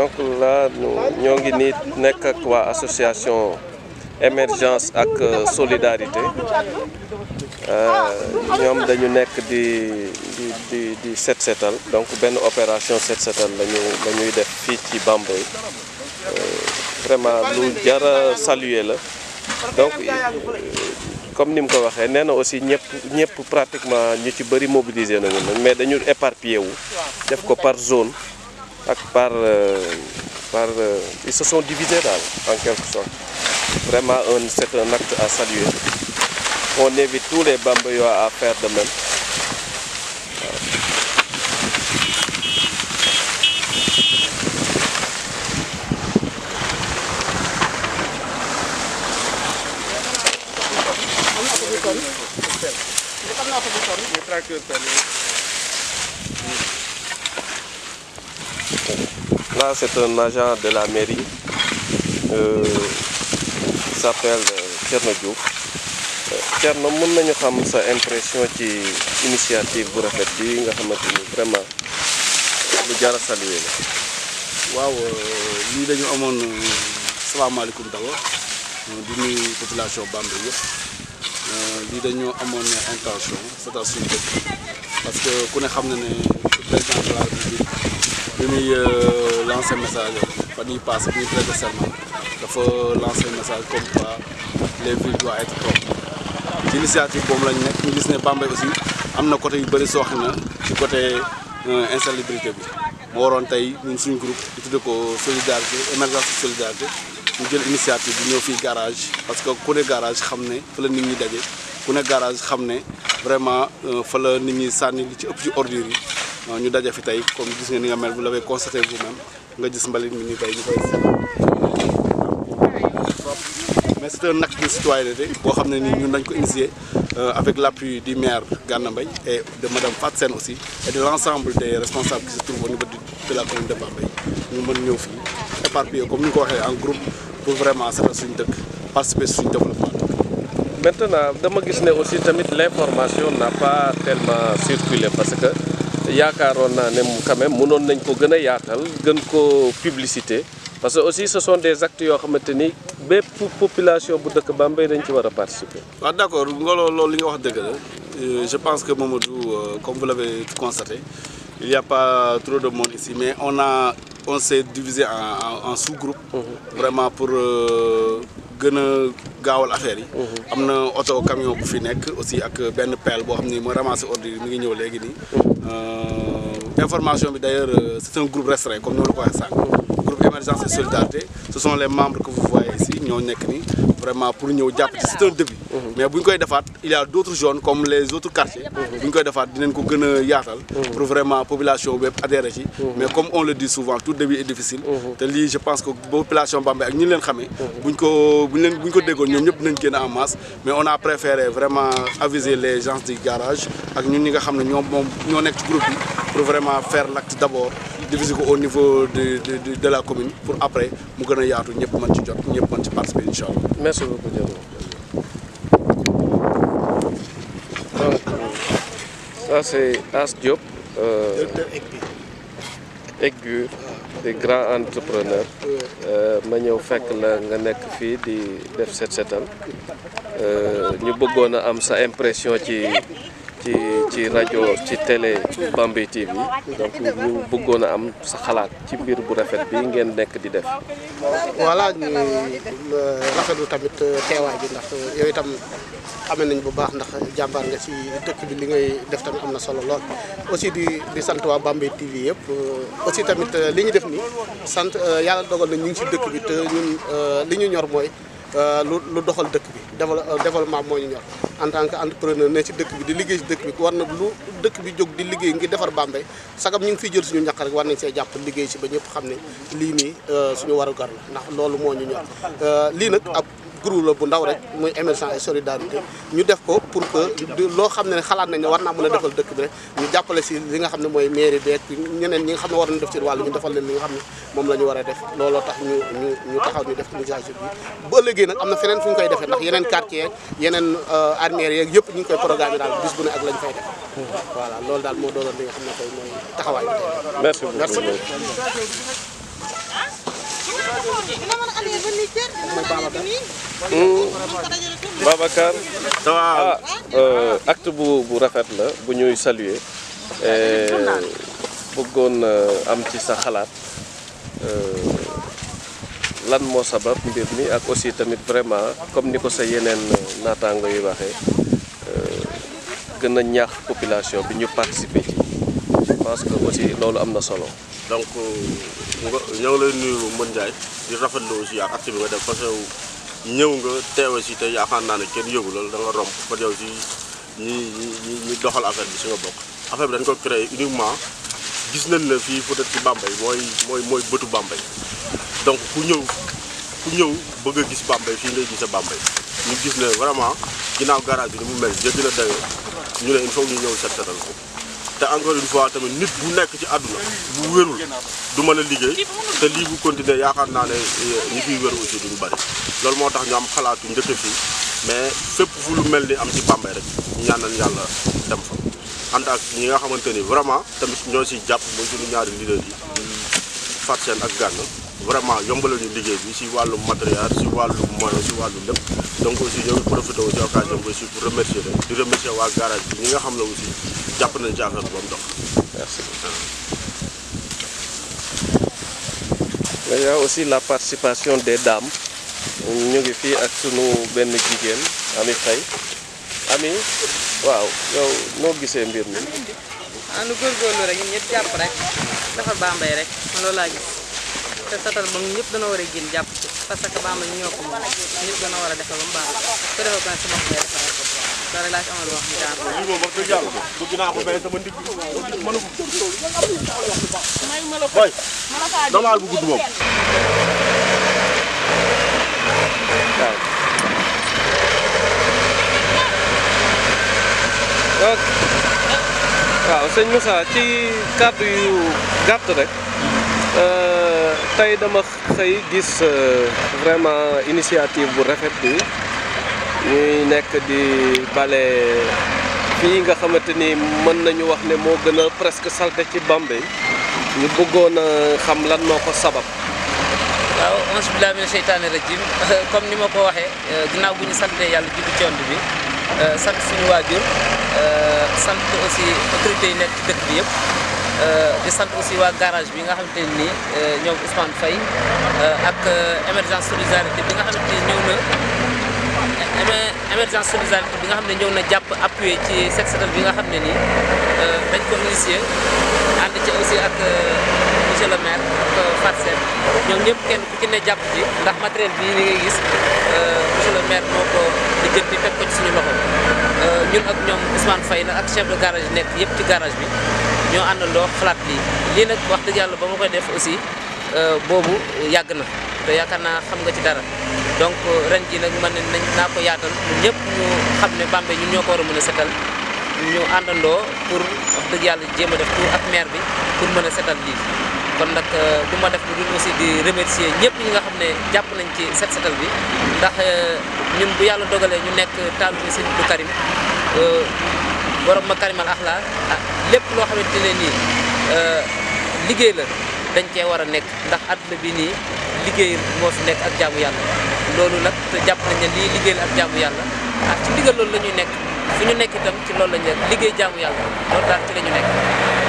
donc là nous association émergence solidarité Nous euh, sommes di di di donc une opération 7 lañu euh, vraiment lu donc euh, comme nous dit, nous aussi pratiquement ñu ci mais nous par zone euh, euh, ils se sont divisés en quelque sorte vraiment un c'est un acte à saluer on évite tous les bamboyas à faire de même Là, c'est un agent de la mairie. Euh, il s'appelle euh, Thierno Diouf. Euh, Thierno, mën nañu xam sa impression ci initiative de rafet bi nga xamante vraiment le gars a saluer la. waaw euh, lii dañu amoon salaamaaleykum d'abord di nuyu population Bambey nous avons dañoo amoon intention c'est à suñu parce que nous savons xam na président de la République bi muy euh, lancé message fan yii paase bi muy prêter dafa lancé message comme quoi les villes doivent être ci initiative boobu lañ nekk ñu gis ne Bambey aussi am na côté yu bëri soo xam na ci côté euh, insalubrité bi moo waroon tey ñun suñu groupe di tudde ko solidarité émergence solidarité ñu jël initiative bi ñëw fii garage parce que ku ne garage xam ne fa la nit ñi daje ku ne garage xam ne vraiment euh, fa la nit ñi sànni li ci ëpp ci ordures yi ñu daje fi tey comme nga vous l'avez constaté vous-même nga gis mbalit mi ni tey ñu koy mais c'est un acte de citoyenneté boo xam ne ñun initié euh, avec l'appui du maire Gana et de madame Fatsen aussi et de l'ensemble des responsables qui se trouvent au niveau de la commune de Bambey ñu mën ñëw fii éparpillé comme ñu ko en groupe pour vraiment setal suñu dëkk participer suñu développement maintenant dama gis aussi tamit l'information n'a pas tellement circulé parce que yaakaaroon naa ne quand même mënoon nañ ko gën a yaatal gën ko publicité parce que aussi ce sont des actes yoo xamante ni bépp population bu dëkk Bambey dañ ci war a participer. waaw d' accord ngolo loolu li nga wax dëgg la euh, je pense que Mamadou euh, comme vous l' avez constaté il y a pas trop de monde ici mais on a on s' est divisé en en, en sous-groupe. Mhm. vraiment pour. Euh, gën a gaawal affaire yi. Mhm. am na oto camion bu fi nekk aussi ak benn pelle boo xam ni mooy ramasser ordre yi mi ngi ñëw léegi nii. Mhm. Euh, information bi d' ailleurs euh, c' groupe restreint comme ni ma la ko waxee sànq. Mhm. organisation de solidarité ce sont les membres que vous voyez ici ñoo nekk ni vraiment pour nous aider. ci c'est un début mais bu koy il y a d'autres jeunes comme les autres quartiers bu ñu koy defaat dinañ ko gën a yaatal pour vraiment population adhérer. adhéré ci mais comme on le dit souvent tout début est difficile te lii je pense que population Bambey ak ñi leen xamee buñ ko buñ leen buñ ko déggoon ñoom ñëpp dinañ en masse mais on a préféré vraiment aviser les gens du garage ak ñun ñi nga xam ne ñoo nekk ci groupe bi pour vraiment faire l'acte d'abord diviser au niveau de de de la commune pour après nous gën y yaatu ñëpp mën ci jot ñëpp participer Inch'Allah. merci beaucoup Diallo. ça c'est As Diop. Euh, Aiguë di grand entrepreneur euh, ma suis venu la nga nekk fii di def set setal euh, ñu bëggoon am impression ci. ci ci rajo ci télé Bambey TV donc ñu bëggoon a am sa xalaat ci mbir bu rafet bi ngeen nekk di def. voilà ñu rafetlu tamit euh, teewaay bi ndax euh, yow itam xame nañ bu baax ndax jàmbaar nga ci dëkk bi li ngay def tamit am na solo lool. aussi di di sant waa Bambey TV yëpp euh, aussi tamit li ñu def nii sant yàlla dogal na ñu ngi ci dëkk bi te ñun li ñu ñor mooy. Euh, lu lu doxal dëkk bi euh, développement moo ñu ñor en tant que entrepreneur ne si dëkk bi di liggéey ci dëkk bi war na lu dëkk bi jóg di liggéey ngir defar Bambey sagam ñu ngi fiy jël suñu ñàkk rek war nañ see jàpp liggéey si ba ñëpp xam ne lii nii euh, suñu warugar la ndax loolu moo ñu ñor lii nag ab groupe la bu ndaw rek muy émergence et solidarité ñu def ko pour que loo xam ne xalaat nañ ne war naa mën a defal dëkk bi rek ñu jàppale si li nga xam ne mooy mairie beeg ñeneen ñi nga xam ne war nañ def seen wàllu ñu defal leen li nga xam ne moom war a def looloo tax ñu ñu ñu taxaw ñu def initiative bi bu ëllëgee nag am na feneen fu ñu koy defee ndax yeneen quartier yeneen euh, armères yeeg yëpp ñu ngi koy programme daal bis bu ne ak lañ fay def hmm. voilà loolu daal moo doonoon li nga xam ne koy mooy taxawaay bi merci beaucoup Kan Babacar hmm. kan? ah eh, acte bu bu rafet la bu ñuy saluer eh, bëggoon eh, am ci sa xalaat lan moo sabab mbir mi ak aussi tamit vraiment comme ni sa yeneen naataango yi waxee gën a population bi ñu participer ci que aussi solo donc euh, ñoo ngi lay nuyu Mbodj Ndiaye di rafetlu aussi ak acte bi nga dem parce que ñëw nga teewe si te yaakaar naa ne kenn yëgu loolu da nga romb ba yow si ñi ñi ñi doxal affaire bi si nga bokk. affaire bi dañ ko créé uniquement gis nañ la fii peut être ci Bambey mooy mooy mooy bëtu Bambey donc ku ñëw ku ñëw bëgg a gis Bambey fii ngay gis a Bambey ñu gis ne vraiment ginnaaw garage bi ni mu mel jéggi na dayoo ñu ne il ñu ñëw set setal ko. te encore une fois tamit nit bu nekk ci àdduna bu wérul du mën a liggéey te lii bu continuer yaakaar naa ne euh, ñi fiy wér aussi duñu bari loolu moo tax ñu am xalaatu njëkk fii mais fépp fu lu mel ni am ci Bambey rek ñaanal yàlla dem fa ànd ak nga xamante ni vraiment tamit ñoo si jàpp mooy suñu ñaari leader yi Fatou seen ak Gana vraiment yombalal ñu liggéey bi si wàllu matériel si wàllu moyen si wàllu lépp donc aussi ñoo ngi profité aussi occasion bi aussi waa garage bi ñi nga xam ne aussi jàpp nañ ci affaire bi ba aussi la participation des dames ñu ngi fii ak sunu benn jigéen Ami Faye Ami waaw yow noo gisee mbir mi. ah nu góorgóorlu rek ñun ñëpp jàpp rek defar Bambey rek te satal ba ñëpp dañoo war a génn jàpp ci parce que baax na ñoo ko moom ñëpp dañoo war a sama ba mu baax su defee ba si sama ndig mënu ko may ma la ko dalaal bu gudd moom waaw sëñ Moussa ci kàddu yu tey dama xëy gis euh, vraiment initiative bu rafet bi ñuy nekk di bale fii nga xamante ni mën nañu wax ne moo gën a presque salte ci Bambey ñu bëggoon a xam lan moo ko sabab waaw ansbilah mina seytaane rajim comme ni ma ko waxee euh, ginnaaw bu ñu sante yàlla jibi cont bi euh, sant suñu waajur sant aussi autorités nekk ci dëkk bi yëpp Euh, di sant aussi waa garage bi nga xamante ne nii euh, ñoom Ousmane Faye euh, ak émergence solidarité bi nga xamante ne ñëw na émergence bi nga xam ne ñëw na jàpp appuyé ci secteur bi nga xam ne ni dañ ko initié ànd ci aussi ak monsieur le maire ak Fatou ñoom ñëpp kenn ku ci jàpp ci ndax matériel bi ni ngay gis monsieur le maire moo ko di jël di fekk ko ci suñu loxo ñun ak ñoom Ousmane fay nag ak chef de garage nekk yëpp ci garage bi ñoo àndandoo xalaat bi lii nag wax dëgg yàlla ba ma koy def aussi euh, boobu yàgg na te yaakaar naa xam nga ci dara donc euh, ren ji nag man nañ naa ko yaatal ñun ñëpp xam ne Bambey ñun ñoo ko war a mën a setal ñu àndandoo pour wax dëgg yàlla jéem a def tout ak maire bi pour mën a setal bi kon nag euh, du ma def lu dul aussi di remercier ñëpp ñi nga xam ne jàpp nañ ci set setal bi ndax ñun bu yàlla dogalee ñu nekk taalu ni sëñ du Karim borom Makarimal Akhlaq ah lépp loo xamante ne nii euh, liggéey la dañ cee war a nekk ndax àdduna bi nii liggéey moo fi nekk ak jaamu yàlla loolu nag te jàpp nañ ne lii liggéey la ak jaamu yàlla ah ci ndigal loolu la ñuy nekk fu ñu nekk itam ci loolu la ñuy nekk liggéey jaamu yàlla loolu daal ci la ñu nekk.